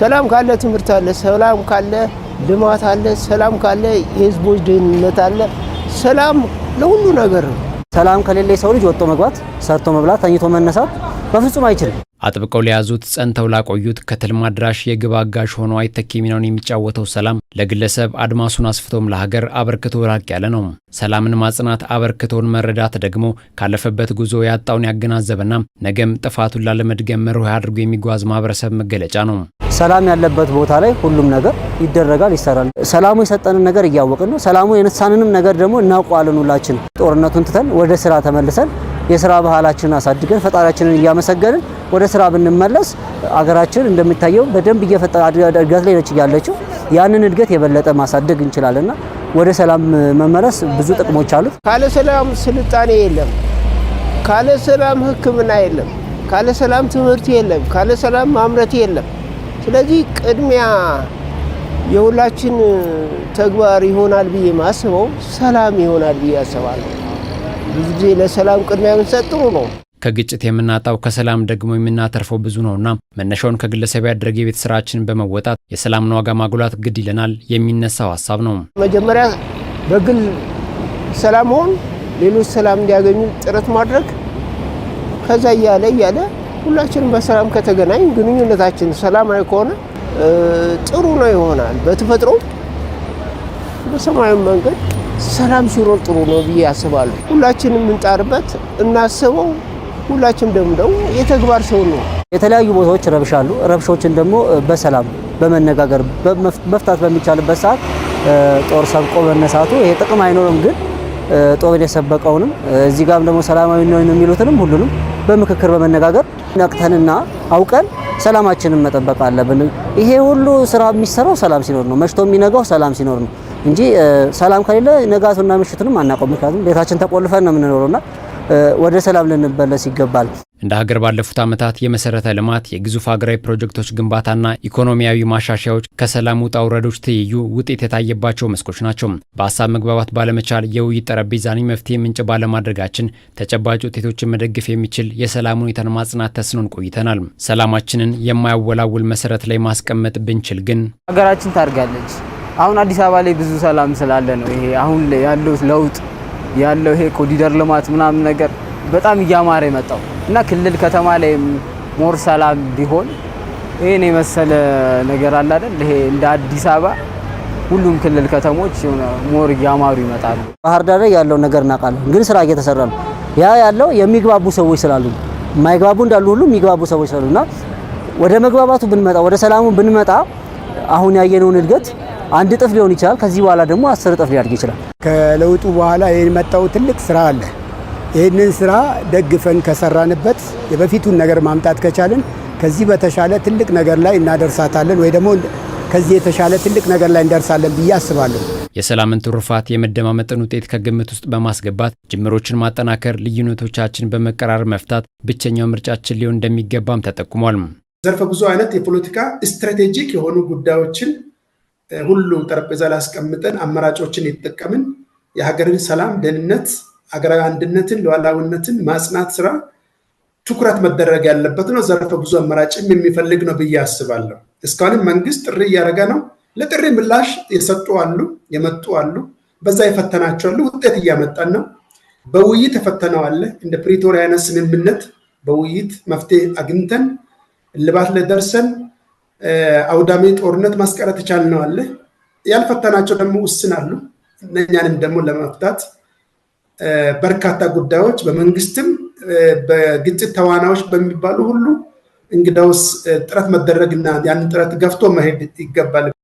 ሰላም ካለ ትምህርት አለ፣ ሰላም ካለ ልማት አለ፣ ሰላም ካለ የህዝቦች ደህንነት አለ። ሰላም ለሁሉ ነገር ነው። ሰላም ከሌለ የሰው ልጅ ወጥቶ መግባት፣ ሰርቶ መብላት፣ ተኝቶ መነሳት በፍጹም አይችልም። አጥብቀው ለያዙት ጸንተው ላቆዩት ከትልም አድራሽ የግብ አጋዥ ሆኖ አይተኪ ሚናውን የሚጫወተው ሰላም ለግለሰብ አድማሱን አስፍቶም ለሀገር አበርክቶ ራቅ ያለ ነው። ሰላምን ማጽናት አበርክቶን መረዳት ደግሞ ካለፈበት ጉዞ ያጣውን ያገናዘበና ነገም ጥፋቱን ላለመድገም መርህ አድርጎ የሚጓዝ ማህበረሰብ መገለጫ ነው። ሰላም ያለበት ቦታ ላይ ሁሉም ነገር ይደረጋል፣ ይሰራል። ሰላሙ የሰጠንን ነገር እያወቅን ነው። ሰላሙ የነሳንንም ነገር ደግሞ እናውቀዋለን። ሁላችን ጦርነቱን ትተን ወደ ስራ ተመልሰን የስራ ባህላችንን አሳድገን ፈጣሪያችንን እያመሰገንን ወደ ስራ ብንመለስ አገራችን እንደሚታየው በደንብ እየፈጠረ እድገት ላይ ነች ያለችው። ያንን እድገት የበለጠ ማሳደግ እንችላለንና ወደ ሰላም መመለስ ብዙ ጥቅሞች አሉት። ካለ ሰላም ስልጣኔ የለም፣ ካለ ሰላም ሕክምና የለም፣ ካለ ሰላም ትምህርት የለም፣ ካለ ሰላም ማምረት የለም። ስለዚህ ቅድሚያ የሁላችን ተግባር ይሆናል ብዬ ማስበው ሰላም ይሆናል ብዬ አስባለሁ። ብዙ ጊዜ ለሰላም ቅድሚያ የምንሰጥ ጥሩ ነው። ከግጭት የምናጣው ከሰላም ደግሞ የምናተርፈው ብዙ ነውና መነሻውን ከግለሰብ ያደረገ የቤት ስራችንን በመወጣት የሰላምን ዋጋ ማጉላት ግድ ይለናል የሚነሳው ሀሳብ ነው። መጀመሪያ በግል ሰላም መሆን፣ ሌሎች ሰላም እንዲያገኙ ጥረት ማድረግ፣ ከዛ እያለ እያለ ሁላችንም በሰላም ከተገናኝ ግንኙነታችን ሰላማዊ ከሆነ ጥሩ ነው ይሆናል። በተፈጥሮ በሰማያዊ መንገድ ሰላም ሲኖር ጥሩ ነው ብዬ አስባለሁ። ሁላችንም የምንጣርበት እናስበው። ሁላችንም ደግሞ ደግሞ የተግባር ሰው ነው። የተለያዩ ቦታዎች ረብሻ አሉ። ረብሻዎችን ደግሞ በሰላም በመነጋገር መፍታት በሚቻልበት ሰዓት ጦር ሰብቆ መነሳቱ ይሄ ጥቅም አይኖርም። ግን ጦርን የሰበቀውንም እዚህ ጋም ደግሞ ሰላማዊ ነው የሚሉትንም ሁሉንም በምክክር በመነጋገር ነቅተንና አውቀን ሰላማችንን መጠበቅ አለብን። ይሄ ሁሉ ስራ የሚሰራው ሰላም ሲኖር ነው። መሽቶ የሚነጋው ሰላም ሲኖር ነው። እንጂ ሰላም ከሌለ ነጋቱና ምሽቱንም አናውቀው። ምክንያቱም ቤታችን ተቆልፈን ነው የምንኖረውና ወደ ሰላም ልንበለስ ይገባል። እንደ ሀገር ባለፉት ዓመታት የመሰረተ ልማት፣ የግዙፍ ሀገራዊ ፕሮጀክቶች ግንባታና ኢኮኖሚያዊ ማሻሻያዎች ከሰላም ውጣ ውረዶች ትይዩ ውጤት የታየባቸው መስኮች ናቸው። በሀሳብ መግባባት ባለመቻል የውይይት ጠረጴዛን መፍትሄ ምንጭ ባለማድረጋችን ተጨባጭ ውጤቶችን መደግፍ የሚችል የሰላም ሁኔታን ማጽናት ተስኖን ቆይተናል። ሰላማችንን የማያወላውል መሰረት ላይ ማስቀመጥ ብንችል ግን ሀገራችን ታድጋለች። አሁን አዲስ አበባ ላይ ብዙ ሰላም ስላለ ነው። ይሄ አሁን ያለው ለውጥ ያለው ይሄ ኮሪደር ልማት ምናምን ነገር በጣም እያማረ የመጣው እና ክልል ከተማ ላይ ሞር ሰላም ቢሆን ይሄን የመሰለ ነገር አለ አይደል? ይሄ እንደ አዲስ አበባ ሁሉም ክልል ከተሞች ሞር እያማሩ ይመጣሉ። ባህር ዳር ላይ ያለው ነገር እናውቃለን፣ ግን ስራ እየተሰራ ነው። ያ ያለው የሚግባቡ ሰዎች ስላሉ የማይግባቡ እንዳሉ ሁሉ የሚግባቡ ሰዎች ስላሉና ወደ መግባባቱ ብንመጣ ወደ ሰላሙ ብንመጣ አሁን ያየነውን እድገት አንድ እጥፍ ሊሆን ይችላል። ከዚህ በኋላ ደግሞ አስር እጥፍ ሊያድግ ይችላል። ከለውጡ በኋላ የመጣው መጣው ትልቅ ስራ አለ። ይህንን ስራ ደግፈን ከሰራንበት የበፊቱን ነገር ማምጣት ከቻልን ከዚህ በተሻለ ትልቅ ነገር ላይ እናደርሳታለን ወይ ደግሞ ከዚህ የተሻለ ትልቅ ነገር ላይ እንደርሳለን ብዬ አስባለሁ። የሰላምን ትሩፋት የመደማመጥን ውጤት ከግምት ውስጥ በማስገባት ጅምሮችን ማጠናከር፣ ልዩነቶቻችን በመቀራረብ መፍታት ብቸኛው ምርጫችን ሊሆን እንደሚገባም ተጠቁሟል። ዘርፈ ብዙ አይነት የፖለቲካ ስትራቴጂክ የሆኑ ጉዳዮችን ሁሉም ጠረጴዛ ላይ አስቀምጠን አማራጮችን ይጠቀምን የሀገርን ሰላም፣ ደህንነት፣ ሀገራዊ አንድነትን፣ ሉዓላዊነትን ማጽናት ስራ ትኩረት መደረግ ያለበት ነው። ዘርፈ ብዙ አማራጭም የሚፈልግ ነው ብዬ አስባለሁ። እስካሁንም መንግስት ጥሪ እያደረገ ነው። ለጥሪ ምላሽ የሰጡ አሉ፣ የመጡ አሉ፣ በዛ የፈተናቸው አሉ። ውጤት እያመጣን ነው። በውይይት የፈተነው እንደ ፕሪቶሪያ አይነት ስምምነት በውይይት መፍትሄ አግኝተን እልባት ላይ ደርሰን አውዳሚ ጦርነት ማስቀረት ይቻልነው አለ። ያልፈታናቸው ደግሞ ውስን አሉ። እነኛንም ደግሞ ለመፍታት በርካታ ጉዳዮች በመንግስትም በግጭት ተዋናዎች በሚባሉ ሁሉ እንግዳውስ ጥረት መደረግና ያንን ጥረት ገፍቶ መሄድ ይገባል።